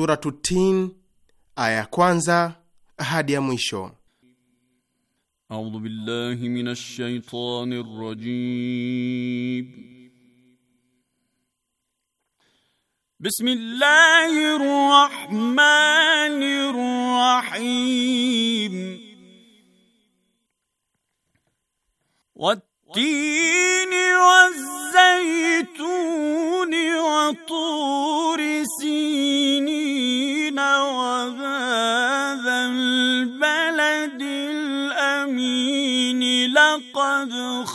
Suratu Tin aya ya kwanza hadi ya mwisho. A'udhu billahi minash shaitanir rajim. Bismillahir rahmanir rahim. والتين والزيتون وطور سينين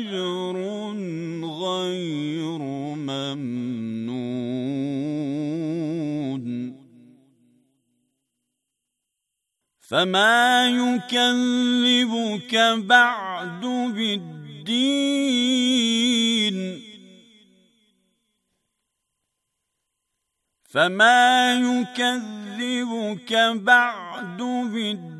أجر غير ممنون فما يكذبك بعد بالدين فما يكذبك بعد بالدين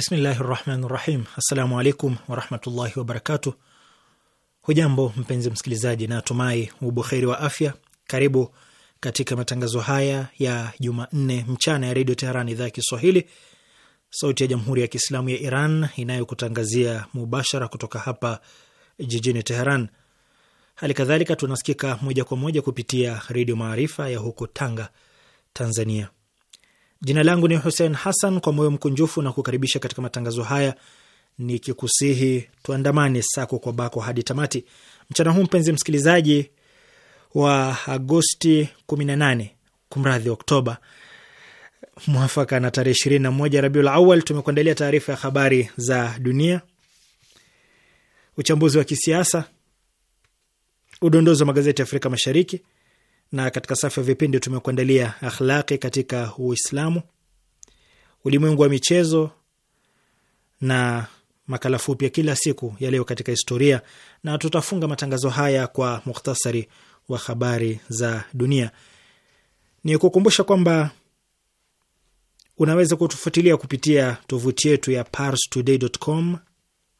Bismillahi rahmani rahim. Assalamu alaikum warahmatullahi wabarakatu. Hujambo mpenzi msikilizaji, na ubuheri wa afya. Karibu katika matangazo haya ya Jumanne mchana ya Redio Teheran, idhaa ya Kiswahili, sauti ya Jamhuri ya Kiislamu ya Iran inayokutangazia mubashara kutoka hapa jijini Teheran. Hali kadhalika tunasikika moja kwa moja kupitia Redio Maarifa ya huko Tanga, Tanzania. Jina langu ni Hussein Hassan, kwa moyo mkunjufu na kukaribisha katika matangazo haya nikikusihi tuandamane sako kwa bako hadi tamati mchana huu. Mpenzi msikilizaji, wa Agosti 18 kumradhi, Oktoba mwafaka na tarehe 21 Rabiul Awal, tumekuandalia taarifa ya habari za dunia, uchambuzi wa kisiasa, udondozi wa magazeti ya Afrika Mashariki na katika safu ya vipindi tumekuandalia akhlaqi katika Uislamu, ulimwengu wa michezo na makala fupi ya kila siku ya leo katika historia, na tutafunga matangazo haya kwa mukhtasari wa habari za dunia. Ni kukumbusha kwamba unaweza kutufuatilia kupitia tovuti yetu ya parstoday.com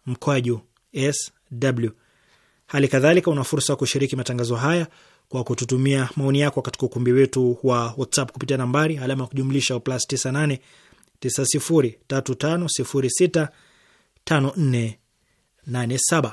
mkwaju sw. Hali kadhalika una fursa ya kushiriki matangazo haya kwa kututumia maoni yako katika ukumbi wetu wa WhatsApp kupitia nambari alama ya kujumlisha plus 98 9035065487.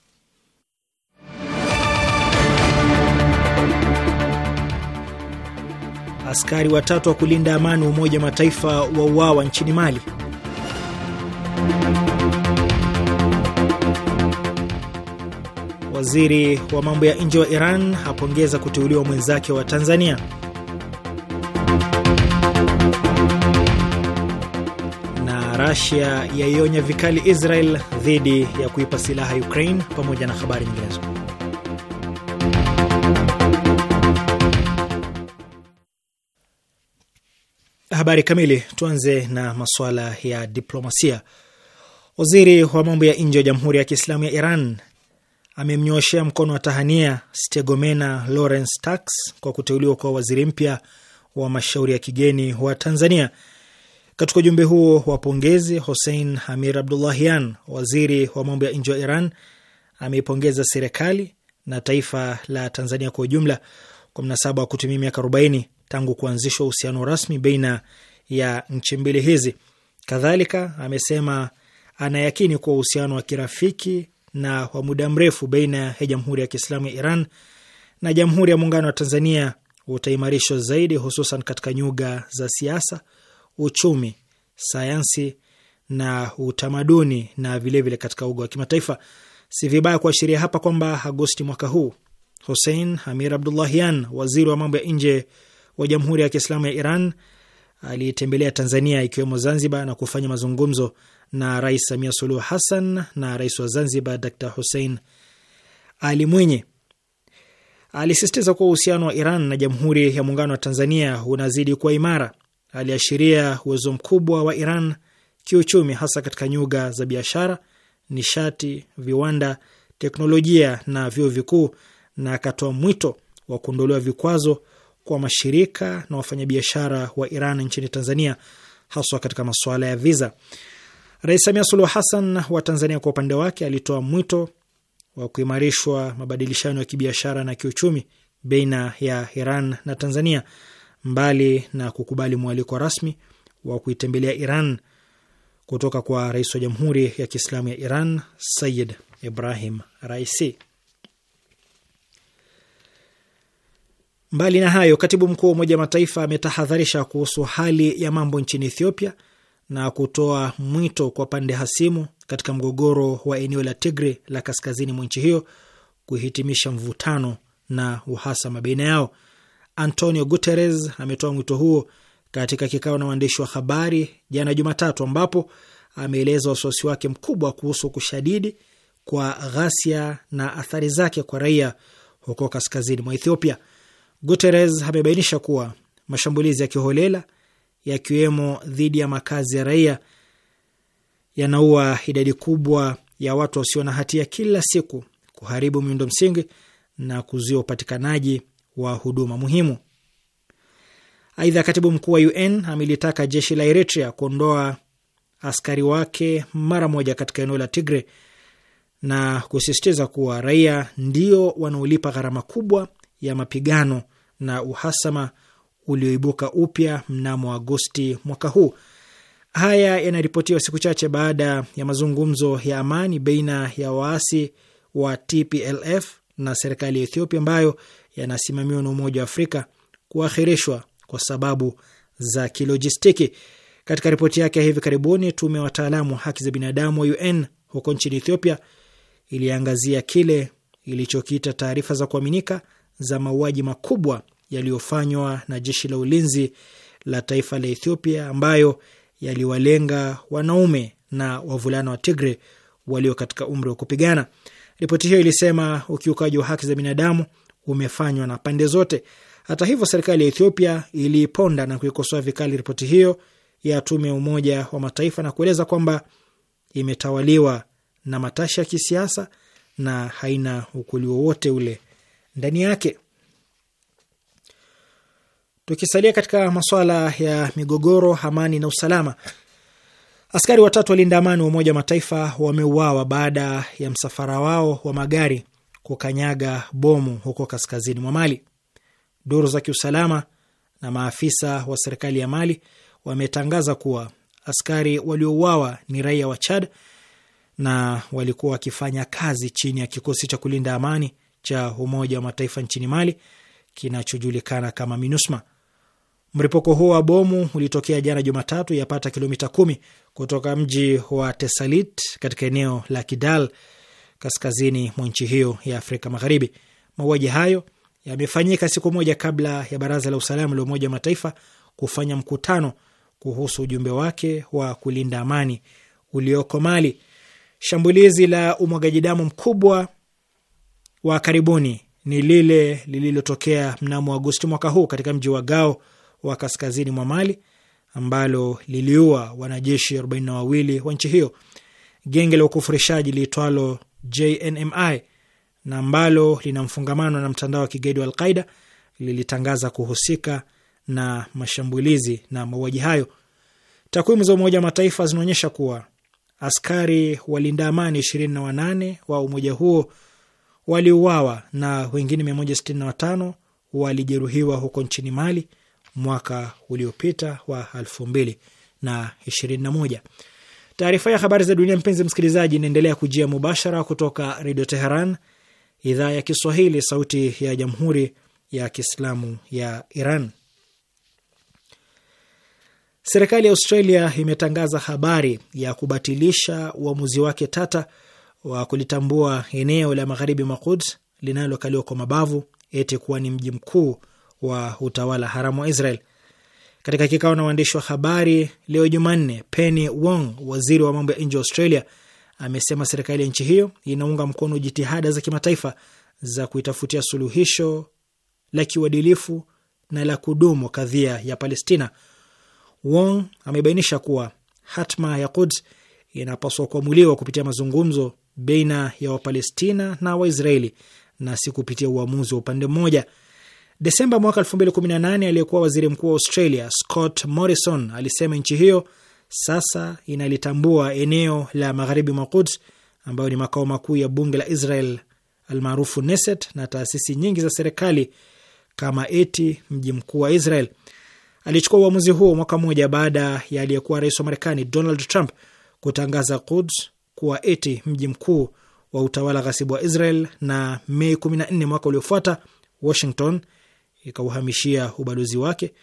Askari watatu wa kulinda amani wa Umoja wa Mataifa uawa nchini Mali. Waziri wa mambo ya nje wa Iran hapongeza kuteuliwa mwenzake wa Tanzania. Na Russia yaionya vikali Israel dhidi ya kuipa silaha Ukraine pamoja na habari nyinginezo. habari kamili, tuanze na masuala ya diplomasia. Waziri wa mambo ya nje wa Jamhuri ya Kiislamu ya Iran amemnyooshea mkono wa tahania Stegomena Lawrence Tax kwa kuteuliwa kwa waziri mpya wa mashauri ya kigeni wa Tanzania. Katika ujumbe huo wa pongezi, Hussein Hamir Abdullahian, waziri wa mambo ya nje wa Iran, ameipongeza serikali na taifa la Tanzania kwa ujumla kwa mnasaba wa kutumia miaka 40 tangu kuanzishwa uhusiano rasmi baina ya nchi mbili hizi. Kadhalika amesema anayakini kuwa uhusiano wa kirafiki na wa muda mrefu baina ya Jamhuri ya Kiislamu ya Iran na Jamhuri ya Muungano wa Tanzania utaimarishwa zaidi, hususan katika nyuga za siasa, uchumi, sayansi na utamaduni na vilevile vile katika uga wa kimataifa. Si vibaya kuashiria hapa kwamba Agosti mwaka huu Hussein Amir Abdullahian, waziri wa mambo ya nje wa Jamhuri ya Kiislamu ya Iran alitembelea Tanzania ikiwemo Zanzibar na kufanya mazungumzo na Rais Samia Suluhu Hassan na rais wa Zanzibar Dr Hussein Ali Mwinyi. Alisisitiza kuwa uhusiano wa Iran na Jamhuri ya Muungano wa Tanzania unazidi kuwa imara. Aliashiria uwezo mkubwa wa Iran kiuchumi, hasa katika nyuga za biashara, nishati, viwanda, teknolojia na vyuo vikuu, na akatoa mwito wa kuondolewa vikwazo kwa mashirika na wafanyabiashara wa Iran nchini Tanzania, haswa katika masuala ya viza. Rais Samia Suluhu Hassan wa Tanzania kwa upande wake alitoa mwito wa kuimarishwa mabadilishano ya kibiashara na kiuchumi baina ya Iran na Tanzania, mbali na kukubali mwaliko rasmi wa kuitembelea Iran kutoka kwa rais wa Jamhuri ya Kiislamu ya Iran Sayid Ibrahim Raisi. Mbali na hayo, katibu mkuu wa Umoja wa Mataifa ametahadharisha kuhusu hali ya mambo nchini Ethiopia na kutoa mwito kwa pande hasimu katika mgogoro wa eneo la Tigri la kaskazini mwa nchi hiyo kuhitimisha mvutano na uhasama baina yao. Antonio Guterres ametoa mwito huo katika kikao na waandishi wa habari jana Jumatatu, ambapo ameeleza wasiwasi wake mkubwa kuhusu kushadidi kwa ghasia na athari zake kwa raia huko kaskazini mwa Ethiopia. Guterres amebainisha kuwa mashambulizi ya kiholela yakiwemo dhidi ya makazi ya raia yanaua idadi kubwa ya watu wasio na hatia kila siku, kuharibu miundo msingi na kuzuia upatikanaji wa huduma muhimu. Aidha, katibu mkuu wa UN amelitaka jeshi la Eritrea kuondoa askari wake mara moja katika eneo la Tigre na kusisitiza kuwa raia ndio wanaolipa gharama kubwa ya mapigano na uhasama ulioibuka upya mnamo Agosti mwaka huu. Haya yanaripotiwa siku chache baada ya mazungumzo ya amani baina ya waasi wa TPLF na serikali ya Ethiopia ambayo yanasimamiwa na Umoja wa Afrika kuahirishwa kwa sababu za kilojistiki. Katika ripoti yake ya hivi karibuni, tume ya wataalamu wa haki za binadamu wa UN huko nchini Ethiopia iliangazia kile ilichokiita taarifa za kuaminika za mauaji makubwa yaliyofanywa na jeshi la ulinzi la taifa la Ethiopia ambayo yaliwalenga wanaume na wavulana wa Tigre walio katika umri wa kupigana. Ripoti hiyo ilisema ukiukaji wa haki za binadamu umefanywa na pande zote. Hata hivyo, serikali ya Ethiopia iliponda na kuikosoa vikali ripoti hiyo ya tume ya Umoja wa Mataifa na kueleza kwamba imetawaliwa na matashi ya kisiasa na haina ukweli wowote ule ndani yake. Tukisalia katika masuala ya migogoro, amani na usalama, askari watatu walinda amani wa Umoja wa Mataifa wameuawa baada ya msafara wao wa magari kukanyaga bomu huko kaskazini mwa Mali. Duru za kiusalama na maafisa wa serikali ya Mali wametangaza kuwa askari waliouawa ni raia wa Chad na walikuwa wakifanya kazi chini ya kikosi cha kulinda amani cha Umoja wa Mataifa nchini Mali kinachojulikana kama MINUSMA. Mripuko huo wa bomu ulitokea jana Jumatatu, yapata kilomita kumi kutoka mji wa Tesalit katika eneo la Kidal, kaskazini mwa nchi hiyo ya Afrika Magharibi. Mauaji hayo yamefanyika siku moja kabla ya Baraza la Usalama la Umoja wa Mataifa kufanya mkutano kuhusu ujumbe wake wa kulinda amani ulioko Mali. Shambulizi la umwagaji damu mkubwa wa karibuni ni lile lililotokea mnamo Agosti mwaka huu katika mji wa Gao wa kaskazini mwa Mali ambalo liliua wanajeshi arobaini wawili wa nchi hiyo. Genge la ukufurishaji liitwalo JNMI na ambalo lina mfungamano na mtandao wa kigaidi wa Alqaida lilitangaza kuhusika na mashambulizi na mauaji hayo. Takwimu za Umoja wa Mataifa zinaonyesha kuwa askari walinda amani ishirini wa umoja huo waliuawa na wengine 165 walijeruhiwa huko nchini Mali mwaka uliopita wa 2021. Taarifa ya habari za dunia, mpenzi msikilizaji, inaendelea kujia mubashara kutoka Redio Teheran, idhaa ya Kiswahili, sauti ya Jamhuri ya Kiislamu ya Iran. Serikali ya Australia imetangaza habari ya kubatilisha uamuzi wake tata wa kulitambua eneo la magharibi mwa Quds linalokaliwa kwa mabavu eti kuwa ni mji mkuu wa utawala haramu wa Israel. Katika kikao na waandishi wa habari leo Jumanne, Penny Wong, waziri wa mambo ya nje wa Australia, amesema serikali ya nchi hiyo inaunga mkono jitihada za kimataifa za kuitafutia suluhisho la kiuadilifu na la kudumu kadhia ya Palestina. Wong amebainisha kuwa hatma ya Quds inapaswa kuamuliwa kupitia mazungumzo baina ya Wapalestina na Waisraeli na si kupitia uamuzi wa upande mmoja. Desemba mwaka 2018 aliyekuwa waziri mkuu wa Australia Scott Morrison alisema nchi hiyo sasa inalitambua eneo la magharibi mwa Quds ambayo ni makao makuu ya bunge la Israel almaarufu Neset na taasisi nyingi za serikali kama eti mji mkuu wa Israel. Alichukua uamuzi huo mwaka mmoja baada ya aliyekuwa rais wa Marekani Donald Trump kutangaza Quds kuwa eti mji mkuu wa utawala ghasibu wa Israel, na Mei 14 mwaka uliofuata Washington ikauhamishia ubalozi wake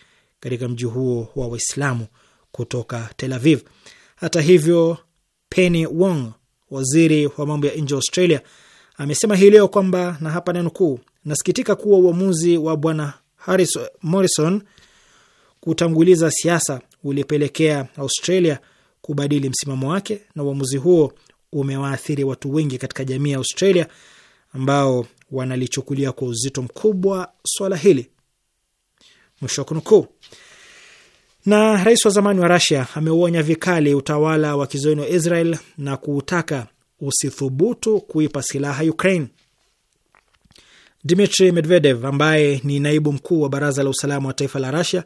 katika mji huo wa Waislamu kutoka Tel Aviv. Hata hivyo, Penny Wong, waziri wa mambo ya nje wa Australia, amesema hii leo kwamba, na hapa nanukuu, nasikitika kuwa uamuzi wa Bwana Harris Morrison kutanguliza siasa ulipelekea Australia kubadili msimamo wake, na uamuzi huo umewaathiri watu wengi katika jamii ya Australia ambao wanalichukulia kwa uzito mkubwa swala hili, mwisho wa kunukuu. Na rais wa zamani wa Rasia ameuonya vikali utawala wa kizoeni wa Israel na kuutaka usithubutu kuipa silaha Ukraine. Dmitri Medvedev ambaye ni naibu mkuu wa baraza la usalama wa taifa la Rasia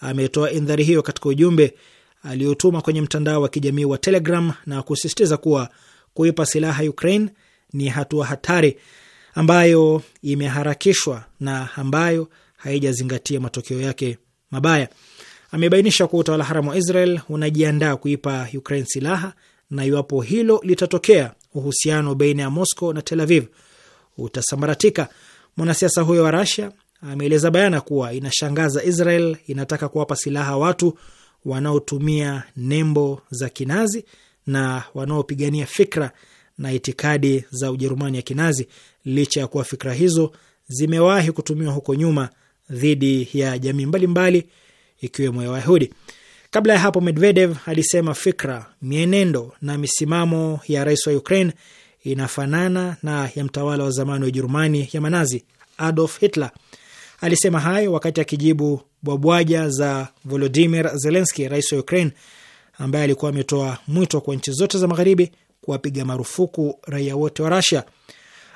ametoa indhari hiyo katika ujumbe aliyotuma kwenye mtandao wa kijamii wa Telegram na kusisitiza kuwa kuipa silaha Ukraine ni hatua hatari ambayo imeharakishwa na ambayo haijazingatia matokeo yake mabaya. Amebainisha kuwa utawala haramu wa Israel unajiandaa kuipa Ukraine silaha na iwapo hilo litatokea, uhusiano baina ya Moscow na Tel Aviv utasambaratika. Mwanasiasa huyo wa Russia ameeleza bayana kuwa inashangaza Israel inataka kuwapa silaha watu wanaotumia nembo za kinazi na wanaopigania fikra na itikadi za Ujerumani ya kinazi, licha ya kuwa fikra hizo zimewahi kutumiwa huko nyuma dhidi ya jamii mbalimbali ikiwemo ya Wayahudi. Kabla ya hapo, Medvedev alisema fikra, mienendo na misimamo ya rais wa Ukraine inafanana na ya mtawala wa zamani wa Ujerumani ya manazi Adolf Hitler. Alisema hayo wakati akijibu bwabwaja za Volodimir Zelenski, rais wa Ukraine, ambaye alikuwa ametoa mwito kwa nchi zote za magharibi kuwapiga marufuku raia wote wa Rasia.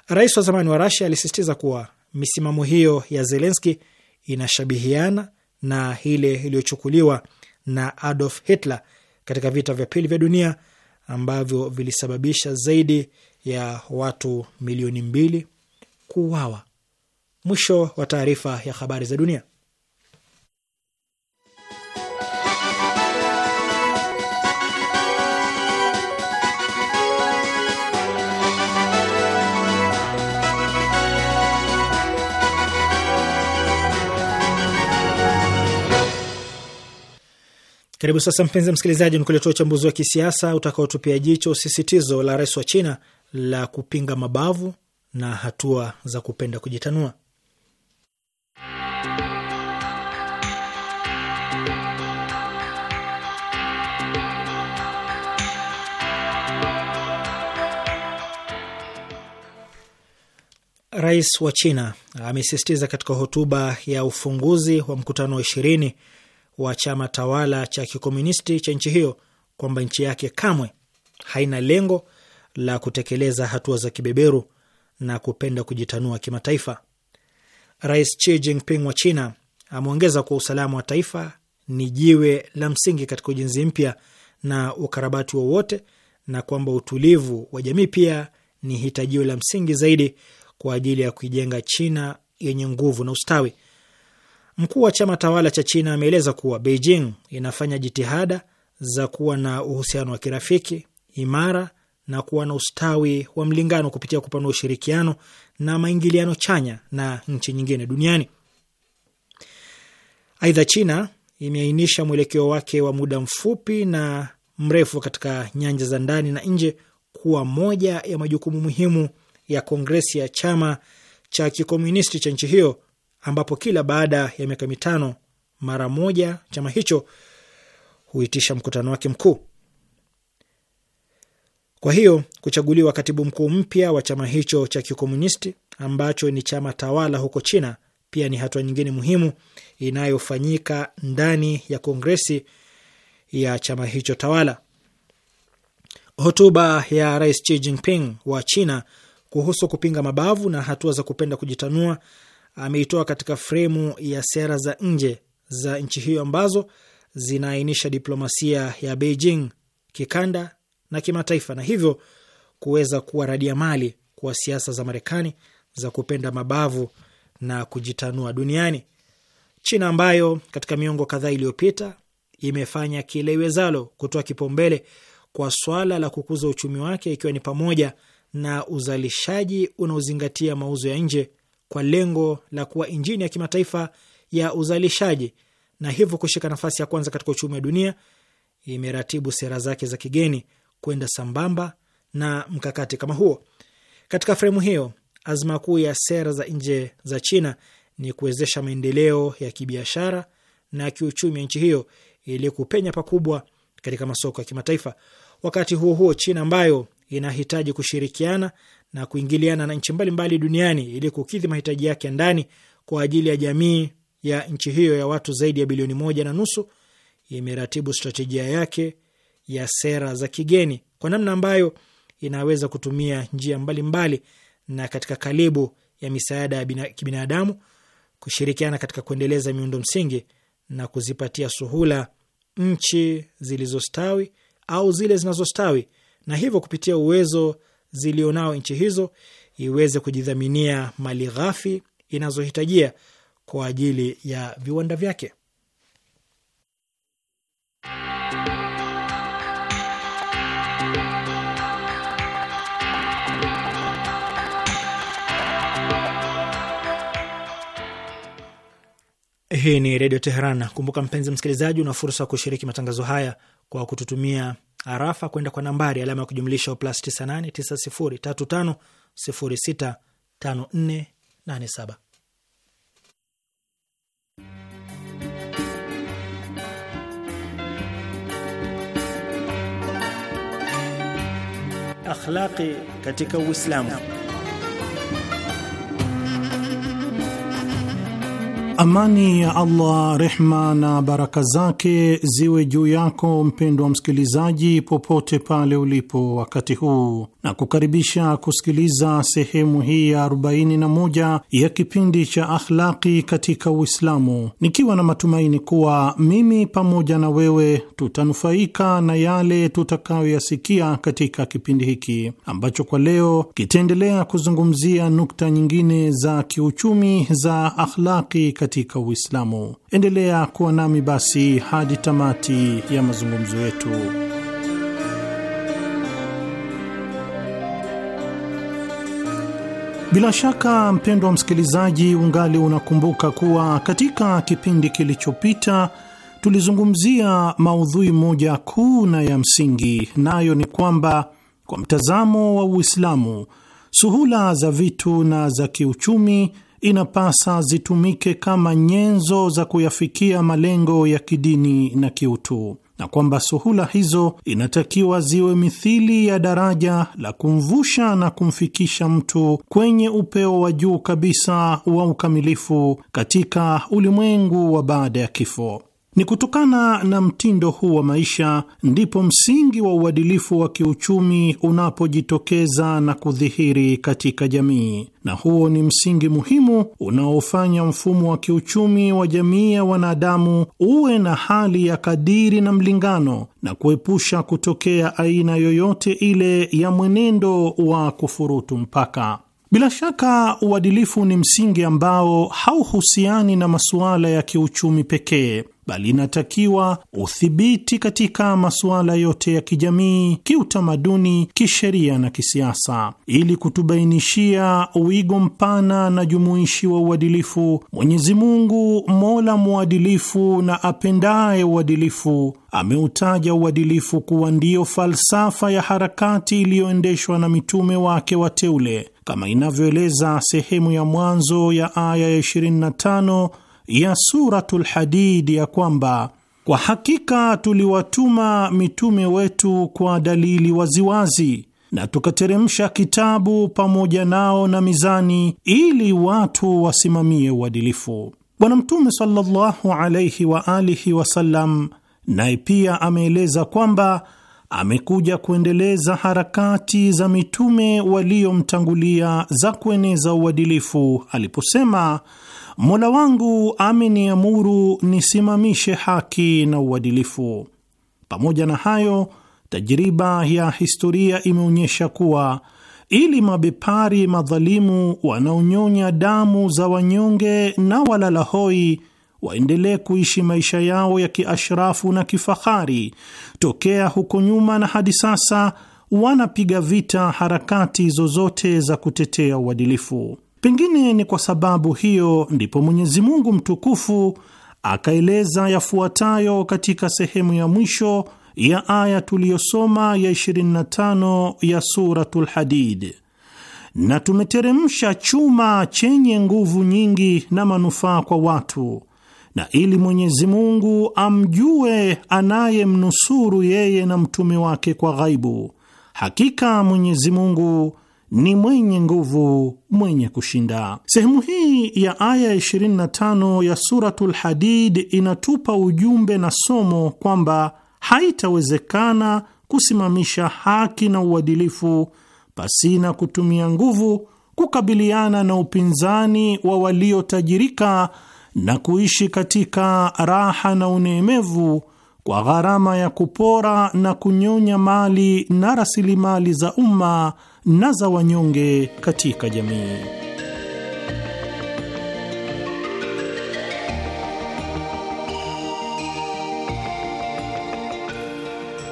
Rais wa zamani wa Rasia alisisitiza kuwa misimamo hiyo ya Zelenski inashabihiana na ile iliyochukuliwa na Adolf Hitler katika vita vya pili vya dunia ambavyo vilisababisha zaidi ya watu milioni mbili kuuawa. Mwisho wa taarifa ya habari za dunia. Karibu sasa, mpenzi msikilizaji, ni kuletea uchambuzi wa kisiasa utakaotupia jicho sisitizo la rais wa China la kupinga mabavu na hatua za kupenda kujitanua. Rais wa China amesisitiza katika hotuba ya ufunguzi wa mkutano wa ishirini wa chama tawala cha kikomunisti cha nchi hiyo kwamba nchi yake kamwe haina lengo la kutekeleza hatua za kibeberu na kupenda kujitanua kimataifa. Rais Xi Jinping wa China ameongeza kuwa usalama wa taifa ni jiwe la msingi katika ujenzi mpya na ukarabati wowote, na kwamba utulivu wa jamii pia ni hitajio la msingi zaidi kwa ajili ya kuijenga China yenye nguvu na ustawi. Mkuu wa chama tawala cha China ameeleza kuwa Beijing inafanya jitihada za kuwa na uhusiano wa kirafiki imara na kuwa na ustawi wa mlingano kupitia kupanua ushirikiano na maingiliano chanya na nchi nyingine duniani. Aidha, China imeainisha mwelekeo wake wa muda mfupi na mrefu katika nyanja za ndani na nje kuwa moja ya majukumu muhimu ya kongresi ya chama cha kikomunisti cha nchi hiyo, ambapo kila baada ya miaka mitano mara moja chama hicho huitisha mkutano wake mkuu. Kwa hiyo kuchaguliwa katibu mkuu mpya wa chama hicho cha kikomunisti ambacho ni chama tawala huko China pia ni hatua nyingine muhimu inayofanyika ndani ya kongresi ya chama hicho tawala. Hotuba ya Rais Xi Jinping wa China kuhusu kupinga mabavu na hatua za kupenda kujitanua ameitoa katika fremu ya sera za nje za nchi hiyo ambazo zinaainisha diplomasia ya Beijing kikanda na kimataifa na hivyo kuweza kuwa radia mali kwa siasa za Marekani za kupenda mabavu na kujitanua duniani. China ambayo katika miongo kadhaa iliyopita imefanya kile iwezalo kutoa kipaumbele kwa swala la kukuza uchumi wake ikiwa ni pamoja na uzalishaji unaozingatia mauzo ya nje kwa lengo la kuwa injini ya kimataifa ya uzalishaji na hivyo kushika nafasi ya kwanza katika uchumi wa dunia, imeratibu sera zake za kigeni kwenda sambamba na mkakati kama huo. Katika fremu hiyo, azma kuu ya sera za nje za China ni kuwezesha maendeleo ya kibiashara na kiuchumi ya nchi hiyo ili kupenya pakubwa katika masoko ya kimataifa. Wakati huo huo, China ambayo inahitaji kushirikiana na kuingiliana na nchi mbalimbali duniani ili kukidhi mahitaji yake ndani kwa ajili ya jamii ya nchi hiyo ya watu zaidi ya bilioni moja na nusu, imeratibu strategia yake ya sera za kigeni kwa namna ambayo inaweza kutumia njia mbalimbali mbali na katika kalibu ya misaada ya kibinadamu kushirikiana katika kuendeleza miundo msingi na kuzipatia suhula nchi zilizostawi au zile zinazostawi na hivyo kupitia uwezo zilionao nchi hizo iweze kujidhaminia mali ghafi inazohitajia kwa ajili ya viwanda vyake. Hii ni Redio Teheran. Kumbuka mpenzi msikilizaji, una fursa ya kushiriki matangazo haya kwa kututumia arafa kwenda kwa nambari alama ya kujumlisha plus 989035065487. Akhlaqi katika Uislamu. Amani ya Allah, rehma na baraka zake ziwe juu yako mpendwa msikilizaji, popote pale ulipo wakati huu na kukaribisha kusikiliza sehemu hii ya 41 ya kipindi cha Akhlaqi katika Uislamu, nikiwa na matumaini kuwa mimi pamoja na wewe tutanufaika na yale tutakayoyasikia katika kipindi hiki ambacho kwa leo kitaendelea kuzungumzia nukta nyingine za kiuchumi za akhlaqi katika Uislamu. Endelea kuwa nami basi hadi tamati ya mazungumzo yetu. Bila shaka mpendwa msikilizaji, ungali unakumbuka kuwa katika kipindi kilichopita tulizungumzia maudhui moja kuu na ya msingi, nayo ni kwamba kwa mtazamo wa Uislamu, suhula za vitu na za kiuchumi inapasa zitumike kama nyenzo za kuyafikia malengo ya kidini na kiutu na kwamba suhula hizo inatakiwa ziwe mithili ya daraja la kumvusha na kumfikisha mtu kwenye upeo wa juu kabisa wa ukamilifu katika ulimwengu wa baada ya kifo. Ni kutokana na mtindo huu wa maisha ndipo msingi wa uadilifu wa kiuchumi unapojitokeza na kudhihiri katika jamii, na huo ni msingi muhimu unaofanya mfumo wa kiuchumi wa jamii ya wanadamu uwe na hali ya kadiri na mlingano na kuepusha kutokea aina yoyote ile ya mwenendo wa kufurutu mpaka. Bila shaka uadilifu ni msingi ambao hauhusiani na masuala ya kiuchumi pekee bali inatakiwa uthibiti katika masuala yote ya kijamii, kiutamaduni, kisheria na kisiasa, ili kutubainishia wigo mpana na jumuishi wa uadilifu. Mwenyezi Mungu, mola mwadilifu na apendaye uadilifu, ameutaja uadilifu kuwa ndiyo falsafa ya harakati iliyoendeshwa na mitume wake wateule, kama inavyoeleza sehemu ya mwanzo ya aya ya 25 ya Suratul Hadid ya kwamba kwa hakika tuliwatuma mitume wetu kwa dalili waziwazi na tukateremsha kitabu pamoja nao na mizani ili watu wasimamie uadilifu. Bwana Mtume sallallahu wa alihi wasallam naye pia ameeleza kwamba amekuja kuendeleza harakati za mitume waliomtangulia za kueneza uadilifu aliposema Mola wangu ameniamuru nisimamishe haki na uadilifu. Pamoja na hayo, tajriba ya historia imeonyesha kuwa ili mabepari madhalimu wanaonyonya damu za wanyonge na walala hoi waendelee kuishi maisha yao ya kiashrafu na kifahari, tokea huko nyuma na hadi sasa wanapiga vita harakati zozote za kutetea uadilifu. Pengine ni kwa sababu hiyo ndipo Mwenyezi Mungu mtukufu akaeleza yafuatayo katika sehemu ya mwisho ya aya tuliyosoma ya 25 ya Suratul Hadid: na tumeteremsha chuma chenye nguvu nyingi na manufaa kwa watu, na ili Mwenyezi Mungu amjue anayemnusuru yeye na mtume wake kwa ghaibu. Hakika Mwenyezi Mungu ni mwenye nguvu mwenye kushinda. Sehemu hii ya aya 25 ya Suratul Hadid inatupa ujumbe na somo kwamba haitawezekana kusimamisha haki na uadilifu pasina kutumia nguvu kukabiliana na upinzani wa waliotajirika na kuishi katika raha na uneemevu kwa gharama ya kupora na kunyonya mali na rasilimali za umma na za wanyonge katika jamii.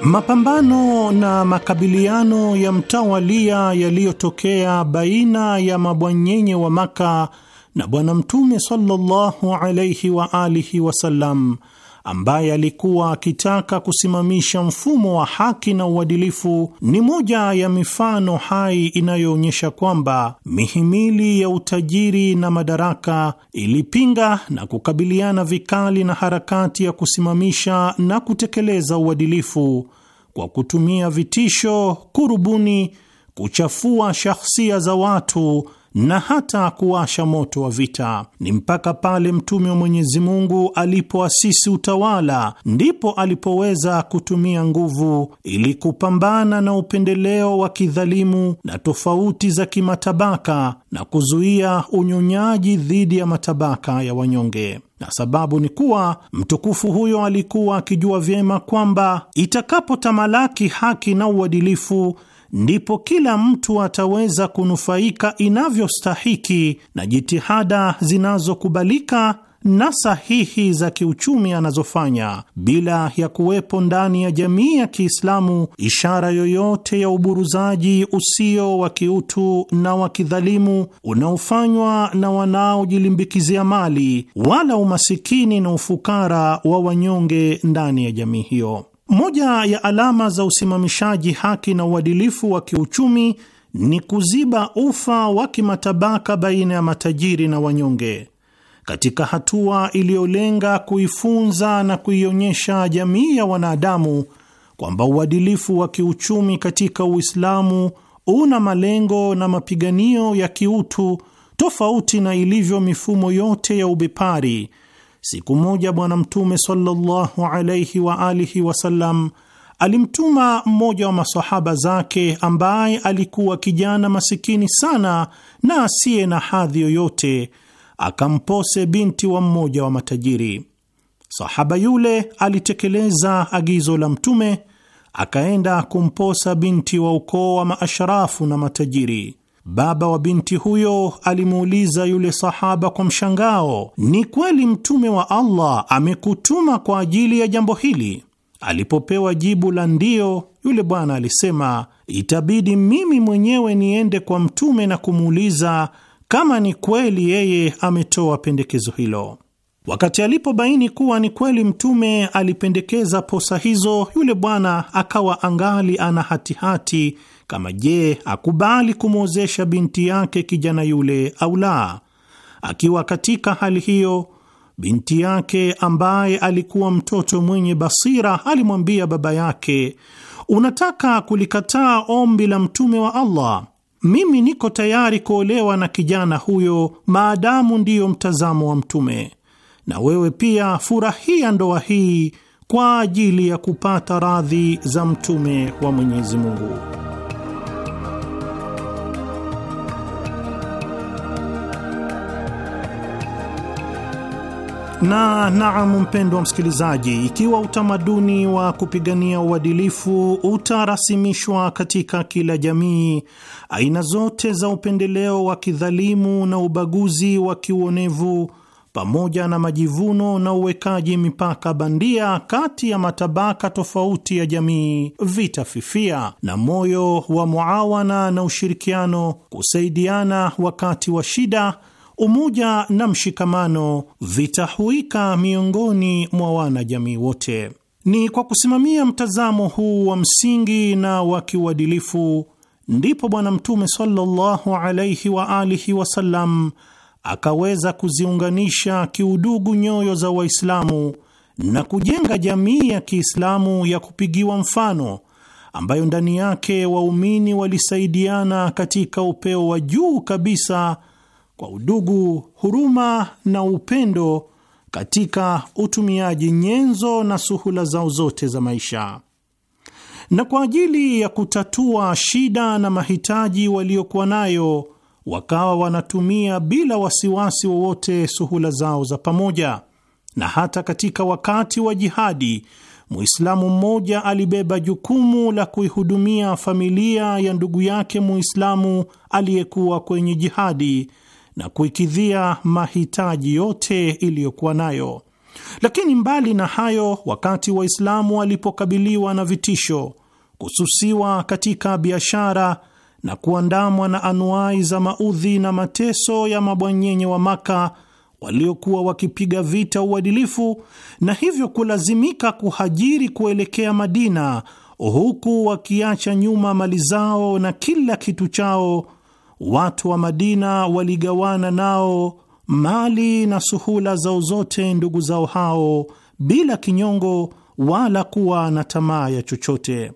Mapambano na makabiliano ya mtawalia yaliyotokea baina ya mabwanyenye wa Maka na Bwana Mtume sallallahu alaihi wa alihi wasallam ambaye alikuwa akitaka kusimamisha mfumo wa haki na uadilifu ni moja ya mifano hai inayoonyesha kwamba mihimili ya utajiri na madaraka ilipinga na kukabiliana vikali na harakati ya kusimamisha na kutekeleza uadilifu kwa kutumia vitisho, kurubuni, kuchafua shahsia za watu na hata kuwasha moto wa vita. Ni mpaka pale Mtume wa Mwenyezi Mungu alipoasisi utawala ndipo alipoweza kutumia nguvu ili kupambana na upendeleo wa kidhalimu na tofauti za kimatabaka na kuzuia unyonyaji dhidi ya matabaka ya wanyonge. Na sababu ni kuwa mtukufu huyo alikuwa akijua vyema kwamba itakapotamalaki haki na uadilifu ndipo kila mtu ataweza kunufaika inavyostahiki na jitihada zinazokubalika na sahihi za kiuchumi anazofanya bila ya kuwepo ndani ya jamii ya Kiislamu ishara yoyote ya uburuzaji usio wa kiutu na wa kidhalimu unaofanywa na wanaojilimbikizia mali wala umasikini na ufukara wa wanyonge ndani ya jamii hiyo. Moja ya alama za usimamishaji haki na uadilifu wa kiuchumi ni kuziba ufa wa kimatabaka baina ya matajiri na wanyonge. Katika hatua iliyolenga kuifunza na kuionyesha jamii ya wanadamu kwamba uadilifu wa kiuchumi katika Uislamu una malengo na mapiganio ya kiutu tofauti na ilivyo mifumo yote ya ubepari Siku moja Bwana Mtume sallallahu alaihi wa alihi wasallam alimtuma mmoja wa masahaba zake ambaye alikuwa kijana masikini sana na asiye na hadhi yoyote, akampose binti wa mmoja wa matajiri. Sahaba yule alitekeleza agizo la Mtume, akaenda kumposa binti wa ukoo wa maashrafu na matajiri. Baba wa binti huyo alimuuliza yule sahaba kwa mshangao, ni kweli mtume wa Allah amekutuma kwa ajili ya jambo hili? Alipopewa jibu la ndio yule bwana alisema, itabidi mimi mwenyewe niende kwa mtume na kumuuliza kama ni kweli yeye ametoa pendekezo hilo. Wakati alipobaini kuwa ni kweli mtume alipendekeza posa hizo, yule bwana akawa angali ana hatihati kama je, akubali kumwozesha binti yake kijana yule au la. Akiwa katika hali hiyo, binti yake ambaye alikuwa mtoto mwenye basira alimwambia baba yake, unataka kulikataa ombi la mtume wa Allah? Mimi niko tayari kuolewa na kijana huyo maadamu ndiyo mtazamo wa mtume, na wewe pia furahia ndoa hii kwa ajili ya kupata radhi za mtume wa Mwenyezi Mungu. Na naam, mpendwa msikilizaji, ikiwa utamaduni wa kupigania uadilifu utarasimishwa katika kila jamii, aina zote za upendeleo wa kidhalimu na ubaguzi wa kiuonevu pamoja na majivuno na uwekaji mipaka bandia kati ya matabaka tofauti ya jamii vitafifia, na moyo wa muawana na ushirikiano, kusaidiana wakati wa shida umoja na mshikamano vitahuika miongoni mwa wanajamii wote. Ni kwa kusimamia mtazamo huu wa msingi na wa kiuadilifu ndipo Bwana Mtume sallallahu alaihi wa alihi wasallam akaweza kuziunganisha kiudugu nyoyo za Waislamu na kujenga jamii ya Kiislamu ya kupigiwa mfano ambayo ndani yake waumini walisaidiana katika upeo wa juu kabisa kwa udugu, huruma na upendo katika utumiaji nyenzo na suhula zao zote za maisha. Na kwa ajili ya kutatua shida na mahitaji waliokuwa nayo, wakawa wanatumia bila wasiwasi wowote suhula zao za pamoja. Na hata katika wakati wa jihadi, Muislamu mmoja alibeba jukumu la kuihudumia familia ya ndugu yake Muislamu aliyekuwa kwenye jihadi na kuikidhia mahitaji yote iliyokuwa nayo. Lakini mbali na hayo, wakati Waislamu walipokabiliwa na vitisho, kususiwa katika biashara na kuandamwa na anuai za maudhi na mateso ya mabwanyenye wa Maka waliokuwa wakipiga vita uadilifu na hivyo kulazimika kuhajiri kuelekea Madina, huku wakiacha nyuma mali zao na kila kitu chao watu wa Madina waligawana nao mali na suhula zao zote ndugu zao hao bila kinyongo wala kuwa na tamaa ya chochote.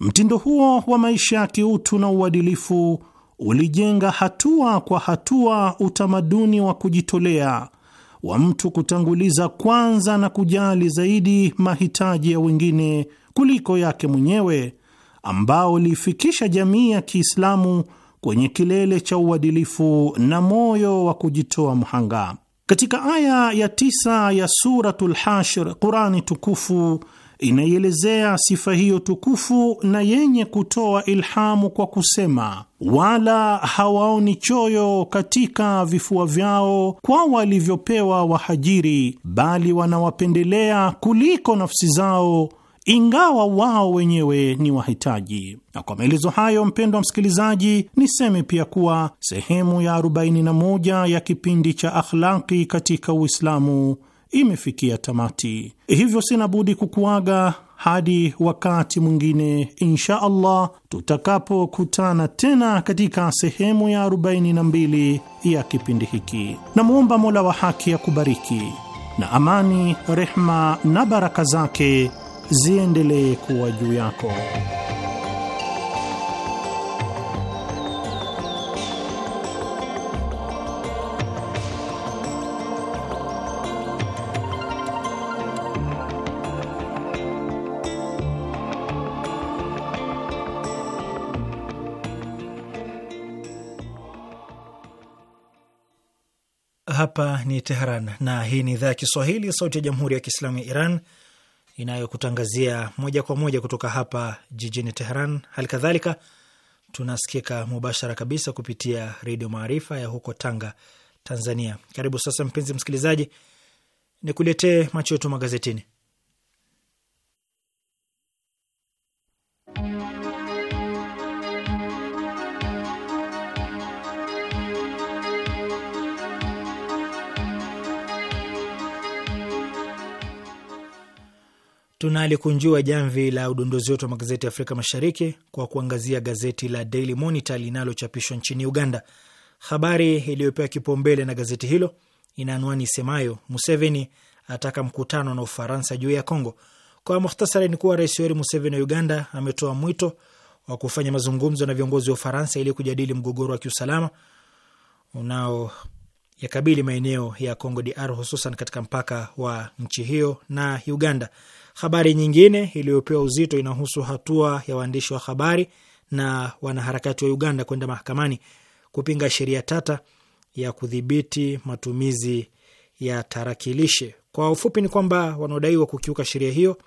Mtindo huo wa maisha ya kiutu na uadilifu ulijenga hatua kwa hatua utamaduni wa kujitolea wa mtu kutanguliza kwanza na kujali zaidi mahitaji ya wengine kuliko yake mwenyewe, ambao liifikisha jamii ya Kiislamu kwenye kilele cha uadilifu na moyo wa kujitoa mhanga. Katika aya ya tisa ya Suratul Hashr, Qurani tukufu inaielezea sifa hiyo tukufu na yenye kutoa ilhamu kwa kusema, wala hawaoni choyo katika vifua vyao kwa walivyopewa wahajiri, bali wanawapendelea kuliko nafsi zao ingawa wao wenyewe ni wahitaji. Na kwa maelezo hayo, mpendwa msikilizaji, niseme pia kuwa sehemu ya 41 ya kipindi cha Akhlaqi katika Uislamu imefikia tamati, hivyo sina budi kukuaga hadi wakati mwingine insha Allah, tutakapokutana tena katika sehemu ya 42 ya kipindi hiki. Namwomba Mola wa haki akubariki na amani, rehma na baraka zake ziendelee kuwa juu yako. Hapa ni teheran na hii ni idhaa ya Kiswahili, sauti ya jamhuri ya kiislamu ya Iran inayokutangazia moja kwa moja kutoka hapa jijini Teheran. Hali kadhalika tunasikika mubashara kabisa kupitia Redio Maarifa ya huko Tanga, Tanzania. Karibu sasa, mpenzi msikilizaji, kuletee macho yetu magazetini. tunalikunjua jamvi la udondozi wetu wa magazeti ya Afrika Mashariki kwa kuangazia gazeti la Daily Monitor linalochapishwa nchini Uganda. Habari iliyopewa kipaumbele na gazeti hilo ina anwani isemayo Museveni ataka mkutano na Ufaransa juu ya Kongo. Kwa muhtasari, ni kuwa Rais Yoweri Museveni wa Uganda ametoa mwito wa kufanya mazungumzo na viongozi wa Ufaransa ili kujadili mgogoro wa kiusalama unao yakabili maeneo ya Kongo DR, hususan katika mpaka wa nchi hiyo na Uganda. Habari nyingine iliyopewa uzito inahusu hatua ya waandishi wa habari na wanaharakati wa Uganda kwenda mahakamani kupinga sheria tata ya kudhibiti matumizi ya tarakilishi. Kwa ufupi, ni kwamba wanaodaiwa kukiuka sheria hiyo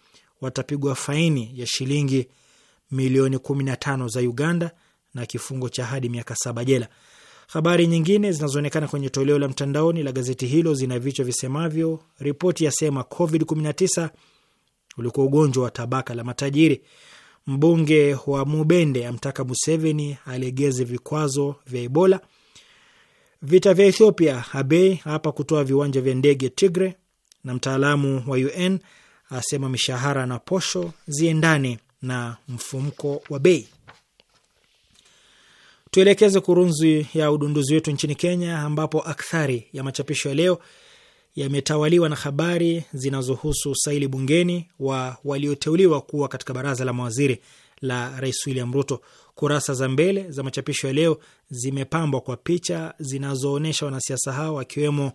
watapigwa faini ya shilingi milioni 15 za Uganda na kifungo cha hadi miaka saba jela. Habari nyingine zinazoonekana kwenye toleo la mtandaoni la gazeti hilo zina vichwa visemavyo: ripoti yasema covid ulikuwa ugonjwa wa tabaka la matajiri. Mbunge wa Mubende amtaka Museveni alegeze vikwazo vya Ebola. Vita vya Ethiopia, Abei hapa kutoa viwanja vya ndege Tigre, na mtaalamu wa UN asema mishahara na posho ziendane na mfumko wa bei. Tuelekeze kurunzi ya udunduzi wetu nchini Kenya, ambapo akthari ya machapisho ya leo yametawaliwa na habari zinazohusu usaili bungeni wa walioteuliwa kuwa katika baraza la mawaziri la Rais William Ruto. Kurasa za mbele za machapisho ya leo zimepambwa kwa picha zinazoonyesha wanasiasa hao akiwemo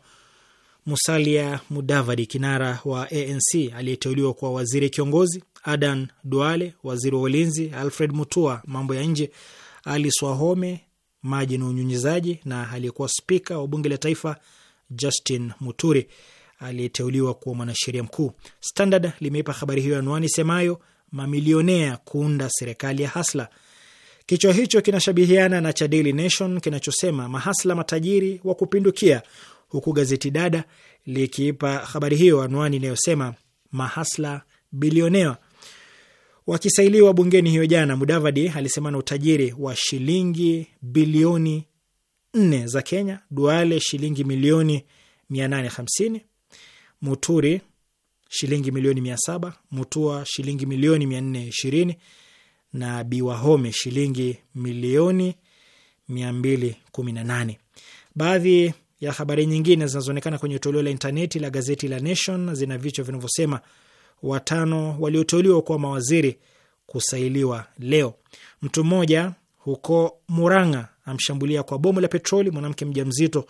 Musalia Mudavadi, kinara wa ANC aliyeteuliwa kuwa waziri kiongozi, Adan Duale, waziri wa ulinzi, Alfred Mutua, mambo ya nje, Ali Swahome, maji na unyunyizaji, na aliyekuwa spika wa bunge la taifa Justin Muturi aliyeteuliwa kuwa mwanasheria mkuu. Standard limeipa habari hiyo anwani semayo mamilionea kuunda serikali ya hasla. Kichwa hicho kinashabihiana na cha Daily Nation kinachosema mahasla matajiri wa kupindukia, huku gazeti dada likiipa habari hiyo anwani inayosema mahasla bilionea. Wakisailiwa bungeni hiyo jana, Mudavadi alisema na utajiri wa shilingi bilioni nne za Kenya, Duale shilingi milioni 850, Muturi shilingi milioni 700, Mutua shilingi milioni 420 na Biwahome shilingi milioni 218. Baadhi ya habari nyingine zinazoonekana kwenye toleo la intaneti la gazeti la Nation zina vichwa vinavyosema watano walioteuliwa kuwa mawaziri kusailiwa leo, mtu mmoja huko Murang'a amshambulia kwa bomu la petroli mwanamke mjamzito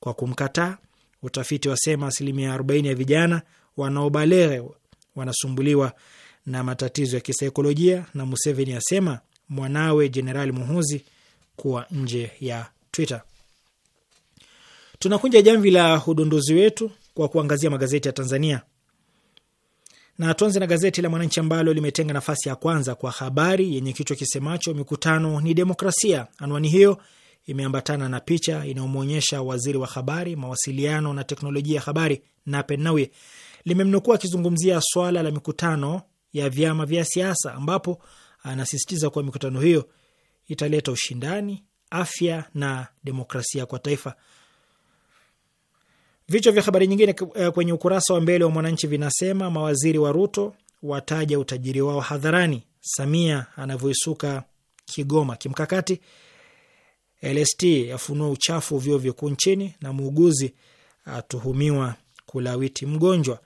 kwa kumkataa. Utafiti wasema asilimia 40 ya vijana wanaobalere wanasumbuliwa na matatizo ya kisaikolojia, na Museveni asema mwanawe Jenerali Muhozi kuwa nje ya Twitter. Tunakunja jamvi la udondozi wetu kwa kuangazia magazeti ya Tanzania na tuanze na gazeti la Mwananchi ambalo limetenga nafasi ya kwanza kwa habari yenye kichwa kisemacho mikutano ni demokrasia. Anwani hiyo imeambatana na picha inayomwonyesha waziri wa habari, mawasiliano na teknolojia ya habari Nape Nnauye. Limemnukua akizungumzia swala la mikutano ya vyama vya siasa, ambapo anasisitiza kuwa mikutano hiyo italeta ushindani, afya na demokrasia kwa taifa. Vichwa vya habari nyingine eh, kwenye ukurasa wa mbele wa Mwananchi vinasema mawaziri wa Ruto wataja utajiri wao hadharani, Samia anavyoisuka Kigoma kimkakati, LST afunua uchafu vyuo vikuu nchini, na muuguzi atuhumiwa kulawiti mgonjwa.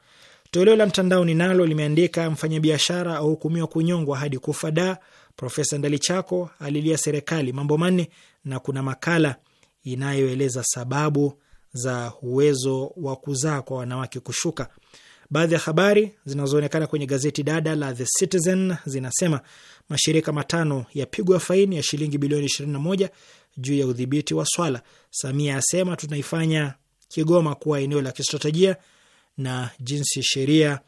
Toleo la mtandaoni nalo limeandika mfanyabiashara ahukumiwa kunyongwa hadi kufa da. Profesa Ndalichako alilia serikali mambo manne, na kuna makala inayoeleza sababu za uwezo wa kuzaa kwa wanawake kushuka. Baadhi ya habari zinazoonekana kwenye gazeti dada la The Citizen zinasema mashirika matano yapigwa faini ya shilingi bilioni 21 juu ya udhibiti wa swala. Samia asema tunaifanya Kigoma kuwa eneo la kistratejia na jinsi sheria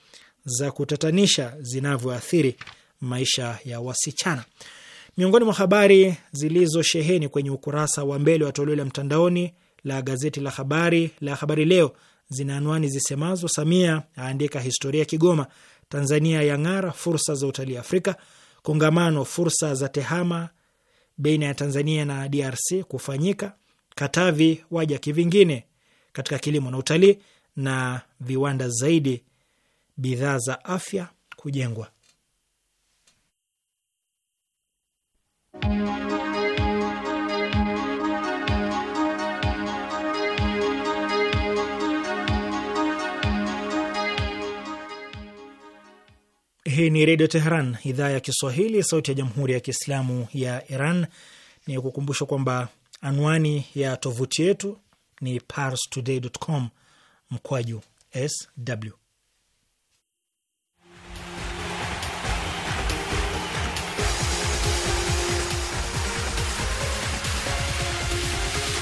za kutatanisha zinavyoathiri maisha ya wasichana. Miongoni mwa habari zilizosheheni kwenye ukurasa wa mbele wa toleo la mtandaoni la gazeti la habari la Habari Leo zina anwani zisemazo: Samia aandika historia Kigoma, Tanzania yang'ara fursa za utalii Afrika, kongamano fursa za tehama baina ya Tanzania na DRC kufanyika Katavi, waja kivingine katika kilimo na utalii, na viwanda zaidi bidhaa za afya kujengwa. Hii ni Redio Teheran, idhaa ya Kiswahili, sauti ya Jamhuri ya Kiislamu ya Iran. Ni kukumbusha kwamba anwani ya tovuti yetu ni parstoday.com mkwaju sw.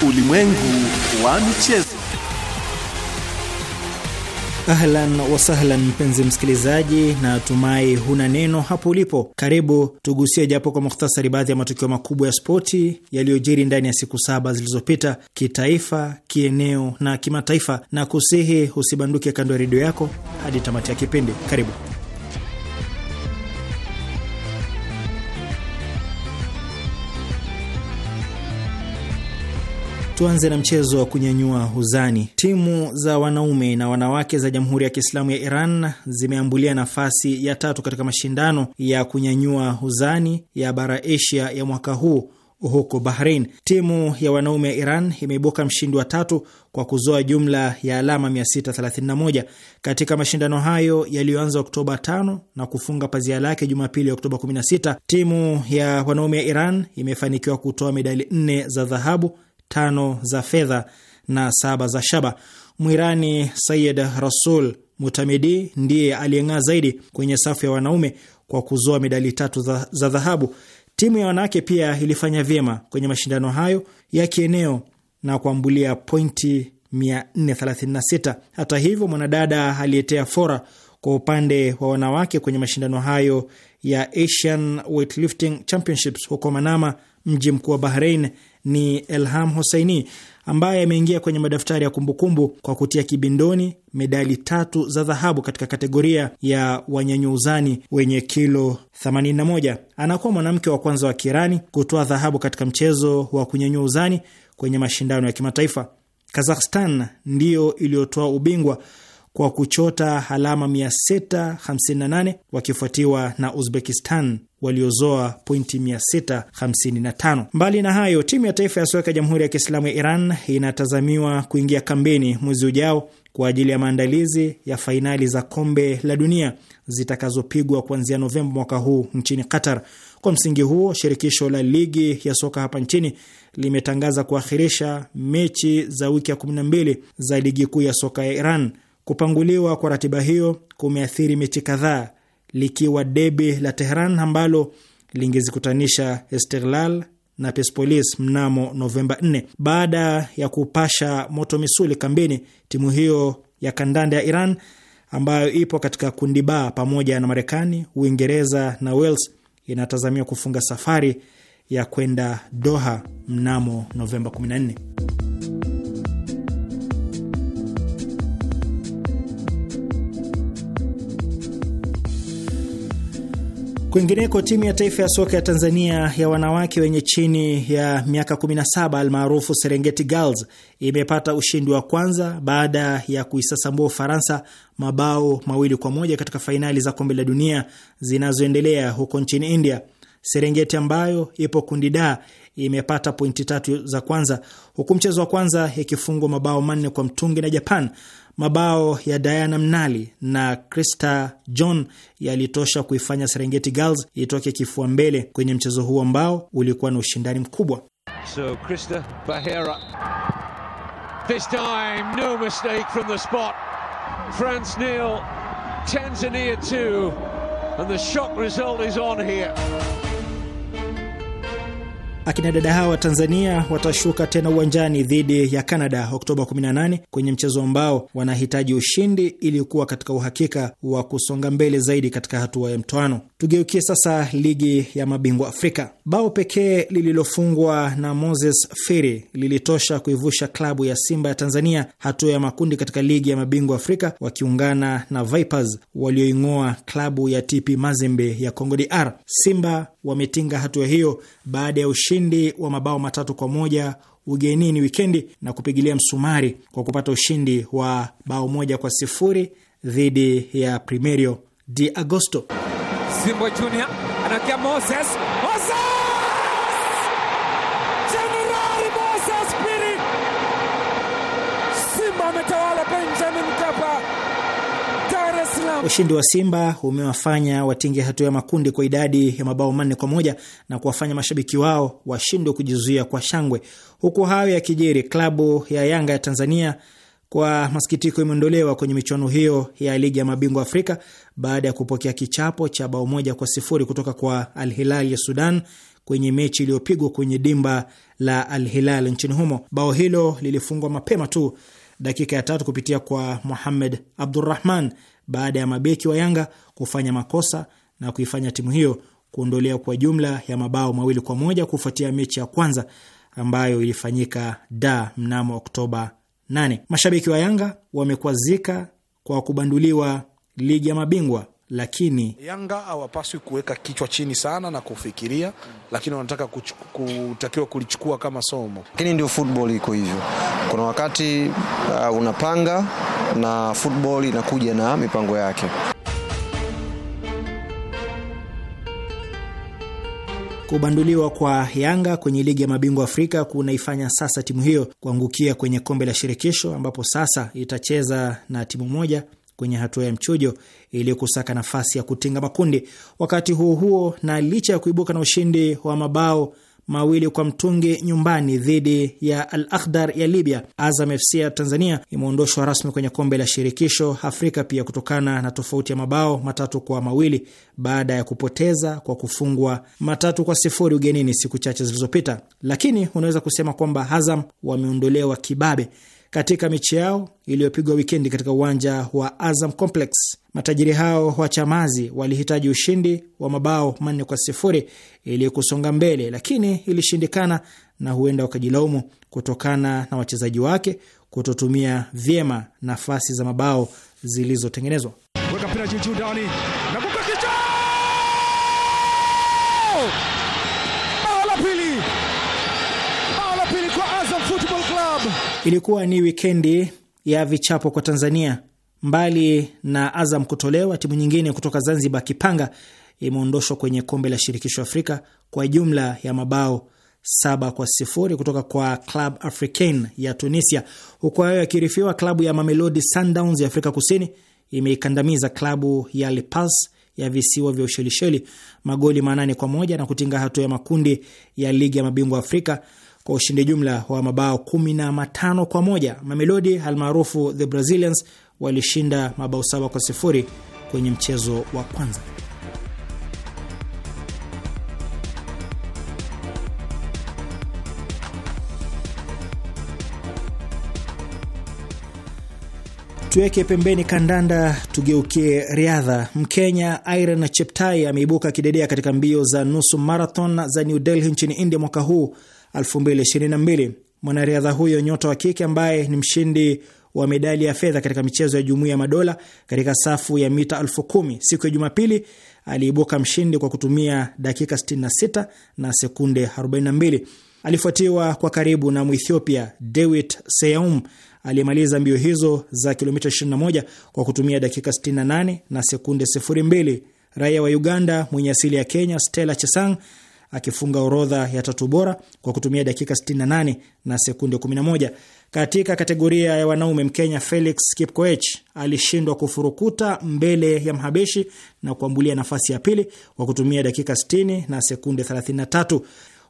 Ulimwengu wa michezo. Ahlan wasahlan, mpenzi msikilizaji, na tumai huna neno hapo ulipo. Karibu tugusie japo kwa muhtasari baadhi ya matukio makubwa ya spoti yaliyojiri ndani ya siku saba zilizopita, kitaifa, kieneo na kimataifa, na kusihi usibanduke kando ya redio yako hadi tamati ya kipindi. Karibu. Tuanze na mchezo wa kunyanyua huzani. Timu za wanaume na wanawake za Jamhuri ya Kiislamu ya Iran zimeambulia nafasi ya tatu katika mashindano ya kunyanyua huzani ya bara Asia ya mwaka huu huko Bahrain. Timu ya wanaume ya Iran imeibuka mshindi wa tatu kwa kuzoa jumla ya alama 631 katika mashindano hayo yaliyoanza Oktoba 5 na kufunga pazia lake Jumapili Oktoba 16. Timu ya wanaume ya Iran imefanikiwa kutoa medali nne za dhahabu tano za fedha na saba za shaba. Mwirani Sayid Rasul Mutamidi ndiye aliyeng'aa zaidi kwenye safu ya wanaume kwa kuzoa medali tatu za dhahabu. Timu ya wanawake pia ilifanya vyema kwenye mashindano hayo ya kieneo na kuambulia pointi 436. Hata hivyo, mwanadada aliyetea fora kwa upande wa wanawake kwenye mashindano hayo ya Asian Weightlifting Championships huko Manama, mji mkuu wa Bahrain, ni Elham Hoseini ambaye ameingia kwenye madaftari ya kumbukumbu kwa kutia kibindoni medali tatu za dhahabu katika kategoria ya wanyanyuuzani wenye kilo 81. Anakuwa mwanamke wa kwanza wa Kirani kutoa dhahabu katika mchezo wa uzani kwenye mashindano ya kimataifa. Kazakhstan ndiyo iliyotoa ubingwa kwa kuchota alama 658 wakifuatiwa na Uzbekistan waliozoa pointi 655. Mbali na hayo, timu ya taifa ya soka ya Jamhuri ya Kiislamu ya Iran inatazamiwa kuingia kambeni mwezi ujao kwa ajili ya maandalizi ya fainali za kombe la dunia zitakazopigwa kuanzia Novemba mwaka huu nchini Qatar. Kwa msingi huo, shirikisho la ligi ya soka hapa nchini limetangaza kuakhirisha mechi za wiki ya 12 za ligi kuu ya soka ya Iran Kupanguliwa kwa ratiba hiyo kumeathiri mechi kadhaa, likiwa debi la Tehran ambalo lingezikutanisha Esteghlal na Persepolis mnamo Novemba 4. Baada ya kupasha moto misuli kambini, timu hiyo ya kandanda ya Iran ambayo ipo katika kundi ba pamoja na Marekani, Uingereza na Wales inatazamia kufunga safari ya kwenda Doha mnamo Novemba 14. Kwingineko, timu ya taifa ya soka ya Tanzania ya wanawake wenye chini ya miaka 17 almaarufu Serengeti Girls imepata ushindi wa kwanza baada ya kuisasambua Ufaransa mabao mawili kwa moja katika fainali za kombe la dunia zinazoendelea huko nchini India. Serengeti ambayo ipo kundi da imepata pointi tatu za kwanza huku mchezo wa kwanza ikifungwa mabao manne kwa mtungi na Japan. Mabao ya Diana Mnali na Krista John yalitosha kuifanya Serengeti Girls itoke kifua mbele kwenye mchezo huo ambao ulikuwa na ushindani mkubwa. So Krista Bahera this time no mistake from the spot. France nil, Tanzania and the shock result is on here. Akina dada hawa wa Tanzania watashuka tena uwanjani dhidi ya Canada Oktoba 18 kwenye mchezo ambao wanahitaji ushindi ili kuwa katika uhakika wa kusonga mbele zaidi katika hatua ya mtoano. Tugeukie sasa ligi ya mabingwa Afrika. Bao pekee lililofungwa na Moses Firi lilitosha kuivusha klabu ya Simba ya Tanzania hatua ya makundi katika ligi ya mabingwa Afrika, wakiungana na Vipers walioing'oa klabu ya TP Mazembe ya Congo DR. Simba wametinga hatua hiyo baada ya ushindi ushindi wa mabao matatu kwa moja ugenini wikendi na kupigilia msumari kwa kupata ushindi wa bao moja kwa sifuri dhidi ya primerio de Agosto. Simba Junior anakia Moses Ushindi wa Simba umewafanya watinge hatua ya makundi kwa idadi ya mabao manne kwa moja na kuwafanya mashabiki wao washindwe kujizuia kwa shangwe. Huku hayo ya kijeri, klabu ya Yanga ya Tanzania kwa masikitiko imeondolewa kwenye michuano hiyo ya ligi ya mabingwa Afrika baada ya kupokea kichapo cha bao moja kwa sifuri kutoka kwa Al Hilal ya Sudan kwenye mechi iliyopigwa kwenye dimba la Al Hilal nchini humo. Bao hilo lilifungwa mapema tu dakika ya tatu kupitia kwa Muhamed Abdurrahman baada ya mabeki wa Yanga kufanya makosa na kuifanya timu hiyo kuondolea kwa jumla ya mabao mawili kwa moja kufuatia mechi ya kwanza ambayo ilifanyika da mnamo Oktoba 8. Mashabiki wa Yanga wamekwazika kwa kubanduliwa ligi ya mabingwa lakini Yanga hawapaswi kuweka kichwa chini sana na kufikiria, lakini wanataka kutakiwa kulichukua kama somo. Lakini ndio football iko hivyo, kuna wakati uh, unapanga na football inakuja na mipango yake. Kubanduliwa kwa Yanga kwenye ligi ya mabingwa Afrika kunaifanya sasa timu hiyo kuangukia kwenye kombe la shirikisho ambapo sasa itacheza na timu moja kwenye hatua ya mchujo ili kusaka nafasi ya kutinga makundi. Wakati huo huo, na licha ya kuibuka na ushindi wa mabao mawili kwa mtungi nyumbani dhidi ya Al Akhdar ya Libya, Azam FC ya Tanzania imeondoshwa rasmi kwenye kombe la shirikisho Afrika pia kutokana na tofauti ya mabao matatu kwa mawili baada ya kupoteza kwa kufungwa matatu kwa sifuri ugenini siku chache zilizopita. Lakini unaweza kusema kwamba Azam wameondolewa kibabe katika mechi yao iliyopigwa wikendi katika uwanja wa Azam Complex. Matajiri hao wachamazi walihitaji ushindi wa mabao manne kwa sifuri ili kusonga mbele, lakini ilishindikana, na huenda wakajilaumu kutokana na wachezaji wake kutotumia vyema nafasi za mabao zilizotengenezwa. Weka mpira juu ndani Ilikuwa ni wikendi ya vichapo kwa Tanzania. Mbali na Azam kutolewa, timu nyingine kutoka Zanzibar, Kipanga, imeondoshwa kwenye kombe la shirikisho Afrika kwa jumla ya mabao saba kwa sifuri kutoka kwa Club Africain ya Tunisia. Huku hayo yakirifiwa, klabu ya Mamelodi Sundowns ya Afrika Kusini imeikandamiza klabu ya Lepas ya visiwa vya Ushelisheli magoli manane kwa moja na kutinga hatua ya makundi ya ligi ya mabingwa Afrika kwa ushindi jumla wa mabao kumi na matano kwa moja. Mamelodi almaarufu the Brazilians walishinda mabao saba kwa sifuri kwenye mchezo wa kwanza. Tuweke pembeni kandanda, tugeukie riadha. Mkenya Irene Cheptai ameibuka kidedea katika mbio za nusu marathon za New Delhi nchini India mwaka huu 2022. Mwanariadha huyo nyota wa kike ambaye ni mshindi wa medali ya fedha katika michezo ya Jumuiya ya Madola katika safu ya mita elfu siku ya Jumapili aliibuka mshindi kwa kutumia dakika 66 na sekunde 42. Alifuatiwa kwa karibu na Mwethiopia Dewit Seyaum aliyemaliza mbio hizo za kilomita 21 kwa kutumia dakika 68 na sekunde 02. Raia wa Uganda mwenye asili ya Kenya Stella Chesang akifunga orodha ya tatu bora kwa kutumia dakika 68 na sekunde 11. Katika kategoria ya wanaume, Mkenya Felix Kipkoech alishindwa kufurukuta mbele ya Mhabeshi na kuambulia nafasi ya pili kwa kutumia dakika 60 na sekunde 33.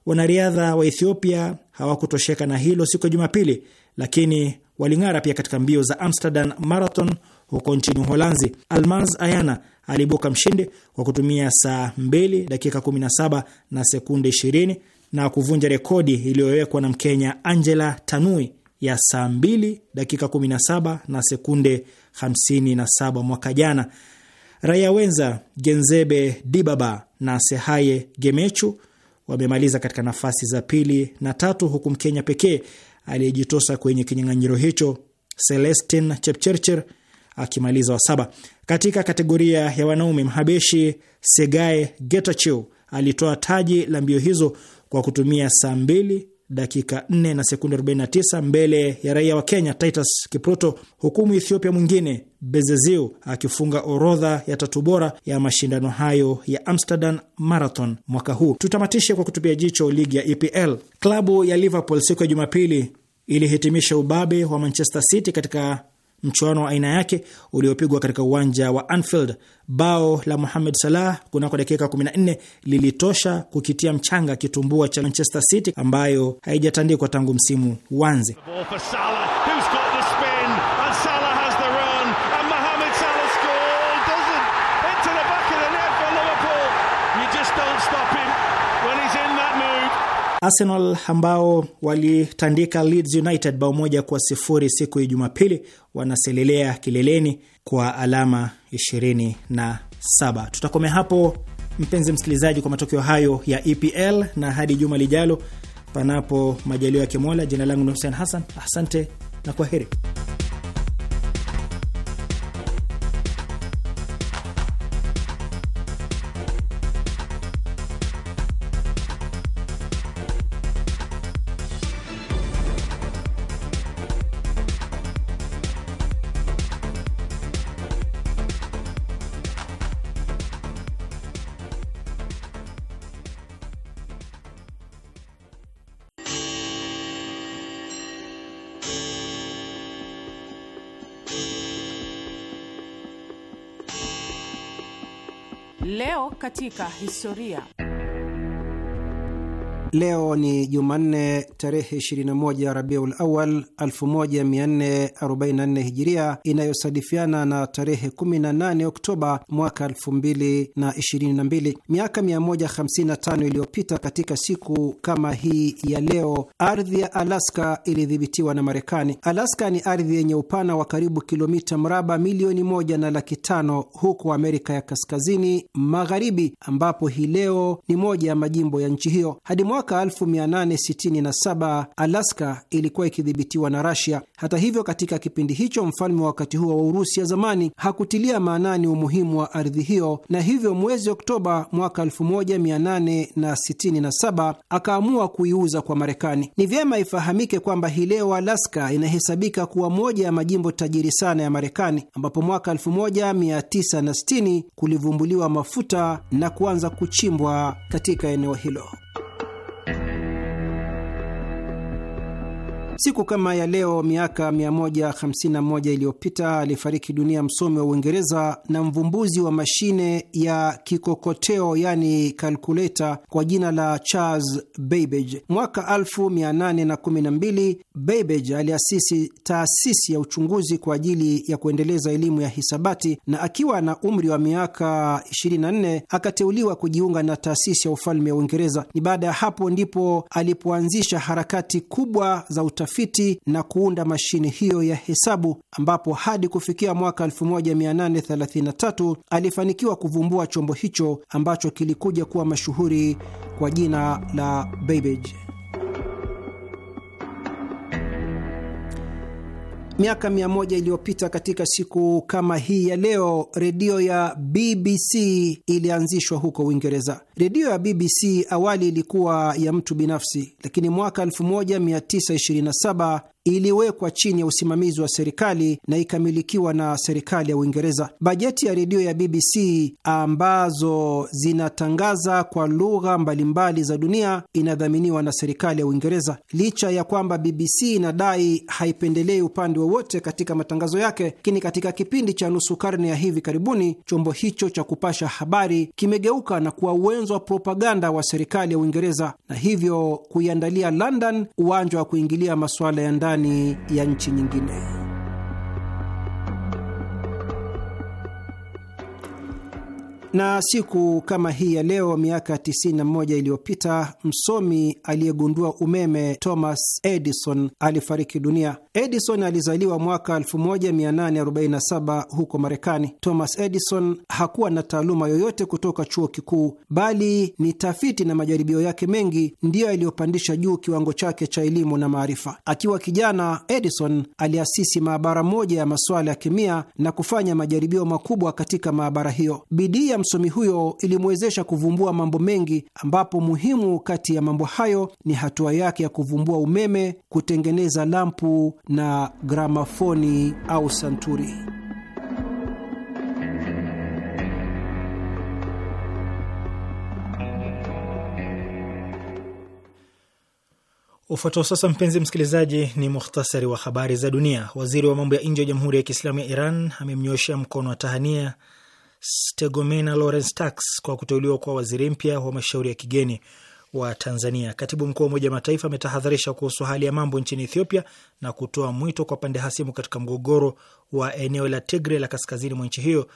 Wanariadha wa Ethiopia hawakutosheka na hilo siku ya Jumapili, lakini waling'ara pia katika mbio za Amsterdam Marathon huko nchini Uholanzi. Almaz Ayana aliibuka mshindi kwa kutumia saa 2 dakika 17 na sekunde 20 na kuvunja rekodi iliyowekwa na Mkenya Angela Tanui ya saa 2 dakika 17 na sekunde 57 mwaka jana. Raia wenza Genzebe Dibaba na Sehaye Gemechu wamemaliza katika nafasi za pili na tatu, huku Mkenya pekee aliyejitosa kwenye kinyang'anyiro hicho Celestin Chepchirchir akimaliza wa saba. Katika kategoria ya wanaume, Mhabeshi Segae Getachew alitoa taji la mbio hizo kwa kutumia saa 2 dakika 4 na sekunde 49 mbele ya raia wa Kenya Titus Kipruto, huku ethiopia mwingine Bezeziu akifunga orodha ya tatu bora ya mashindano hayo ya Amsterdam Marathon mwaka huu. Tutamatishe kwa kutupia jicho ligi ya EPL. Klabu ya Liverpool siku ya Jumapili ilihitimisha ubabe wa Manchester City katika mchuano wa aina yake uliopigwa katika uwanja wa Anfield. Bao la Mohamed Salah kunako dakika 14 lilitosha kukitia mchanga kitumbua cha Manchester City ambayo haijatandikwa tangu msimu wanze Arsenal ambao walitandika Leeds United bao moja kwa sifuri siku ya Jumapili wanaselelea kileleni kwa alama 27. Tutakomea hapo mpenzi msikilizaji, kwa matokeo hayo ya EPL na hadi juma lijalo, panapo majalio ya Kimola. Jina langu ni Hussein Hassan, asante na kwa heri. katika historia. Leo ni Jumanne tarehe 21 Rabiul Awal 1444 Hijiria, inayosadifiana na tarehe 18 Oktoba mwaka 2022. Miaka 155 iliyopita, katika siku kama hii ya leo, ardhi ya Alaska ilidhibitiwa na Marekani. Alaska ni ardhi yenye upana wa karibu kilomita mraba milioni moja na laki tano huko Amerika ya Kaskazini Magharibi, ambapo hii leo ni moja ya majimbo ya nchi hiyo hadi mwaka 1867 Alaska ilikuwa ikidhibitiwa na Rasia. Hata hivyo, katika kipindi hicho mfalme wa wakati huo wa Urusi ya zamani hakutilia maanani umuhimu wa ardhi hiyo, na hivyo mwezi Oktoba mwaka 1867 akaamua kuiuza kwa Marekani. Ni vyema ifahamike kwamba hii leo Alaska inahesabika kuwa moja ya majimbo tajiri sana ya Marekani, ambapo mwaka 1960 kulivumbuliwa mafuta na kuanza kuchimbwa katika eneo hilo. Siku kama ya leo miaka 151 iliyopita alifariki dunia msomi wa Uingereza na mvumbuzi wa mashine ya kikokoteo yani kalkuleta kwa jina la Charles Babbage. Mwaka 1812 Babbage aliasisi taasisi ya uchunguzi kwa ajili ya kuendeleza elimu ya hisabati, na akiwa na umri wa miaka 24 akateuliwa kujiunga na taasisi ya ufalme wa Uingereza. Ni baada ya hapo ndipo alipoanzisha harakati kubwa za utafiti utafiti na kuunda mashine hiyo ya hesabu, ambapo hadi kufikia mwaka 1833 alifanikiwa kuvumbua chombo hicho ambacho kilikuja kuwa mashuhuri kwa jina la Babbage. Miaka mia moja iliyopita katika siku kama hii ya leo, redio ya BBC ilianzishwa huko Uingereza. Redio ya BBC awali ilikuwa ya mtu binafsi, lakini mwaka 1927 iliwekwa chini ya usimamizi wa serikali na ikamilikiwa na serikali ya Uingereza. Bajeti ya redio ya BBC ambazo zinatangaza kwa lugha mbalimbali za dunia inadhaminiwa na serikali ya Uingereza. Licha ya kwamba BBC inadai haipendelei upande wowote katika matangazo yake, lakini katika kipindi cha nusu karne ya hivi karibuni chombo hicho cha kupasha habari kimegeuka na kuwa uwenzo wa propaganda wa serikali ya Uingereza na hivyo kuiandalia London uwanja wa kuingilia masuala ya ndani ndani ya nchi nyingine. Na siku kama hii ya leo miaka 91 iliyopita msomi aliyegundua umeme Thomas Edison alifariki dunia. Edison alizaliwa mwaka 1847 huko Marekani. Thomas Edison hakuwa na taaluma yoyote kutoka chuo kikuu, bali ni tafiti na majaribio yake mengi ndiyo yaliyopandisha juu kiwango chake cha elimu na maarifa. Akiwa kijana, Edison aliasisi maabara moja ya masuala ya kemia na kufanya majaribio makubwa katika maabara hiyo. Bidii ya msomi huyo ilimwezesha kuvumbua mambo mengi, ambapo muhimu kati ya mambo hayo ni hatua yake ya kuvumbua umeme, kutengeneza lampu na gramafoni au santuri. Ufuatao sasa, mpenzi msikilizaji, ni muhtasari wa habari za dunia. Waziri wa mambo ya nje wa Jamhuri ya Kiislamu ya Iran amemnyoshea mkono wa tahania Stegomena Lawrence Tax kwa kuteuliwa kwa waziri mpya wa mashauri ya kigeni wa Tanzania. Katibu mkuu wa Umoja Mataifa ametahadharisha kuhusu hali ya mambo nchini Ethiopia na kutoa mwito kwa pande hasimu katika mgogoro wa eneo la Tigre la kaskazini mwa nchi hiyo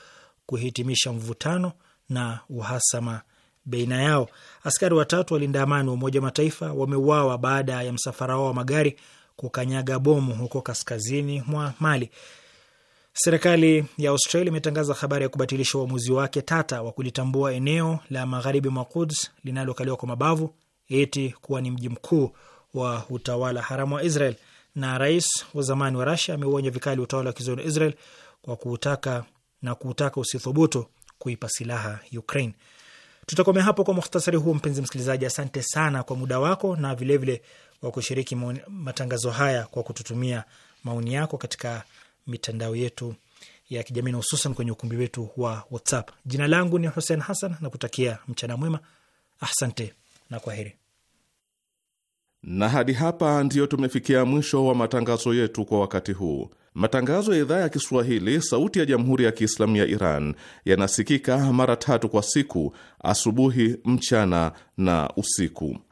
kuhitimisha mvutano na uhasama baina yao. Askari watatu walinda amani wa Umoja Mataifa wameuawa baada ya msafara wao wa magari kukanyaga bomu huko kaskazini mwa Mali. Serikali ya Australia imetangaza habari ya kubatilisha uamuzi wake tata wa kulitambua eneo la magharibi mwa Quds linalokaliwa kwa mabavu eti kuwa ni mji mkuu wa utawala haramu wa Israel. Na rais wa zamani wa Rasia ameuonya vikali utawala wa kizayuni Israel kwa kuutaka na kuutaka usithubutu kuipa silaha Ukraine. Tutakomea hapo kwa muhtasari huu, mpenzi msikilizaji. Asante sana kwa muda wako na vilevile wa kushiriki matangazo haya kwa kututumia maoni yako katika mitandao yetu ya kijamii na hususan kwenye ukumbi wetu wa WhatsApp. Jina langu ni Hussein Hassan na kutakia mchana mwema. Asante na kwaheri. Na hadi hapa ndiyo tumefikia mwisho wa matangazo yetu kwa wakati huu. Matangazo ya idhaa ya Kiswahili sauti ya Jamhuri ya Kiislamu ya Iran yanasikika mara tatu kwa siku: asubuhi, mchana na usiku.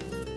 Thank you.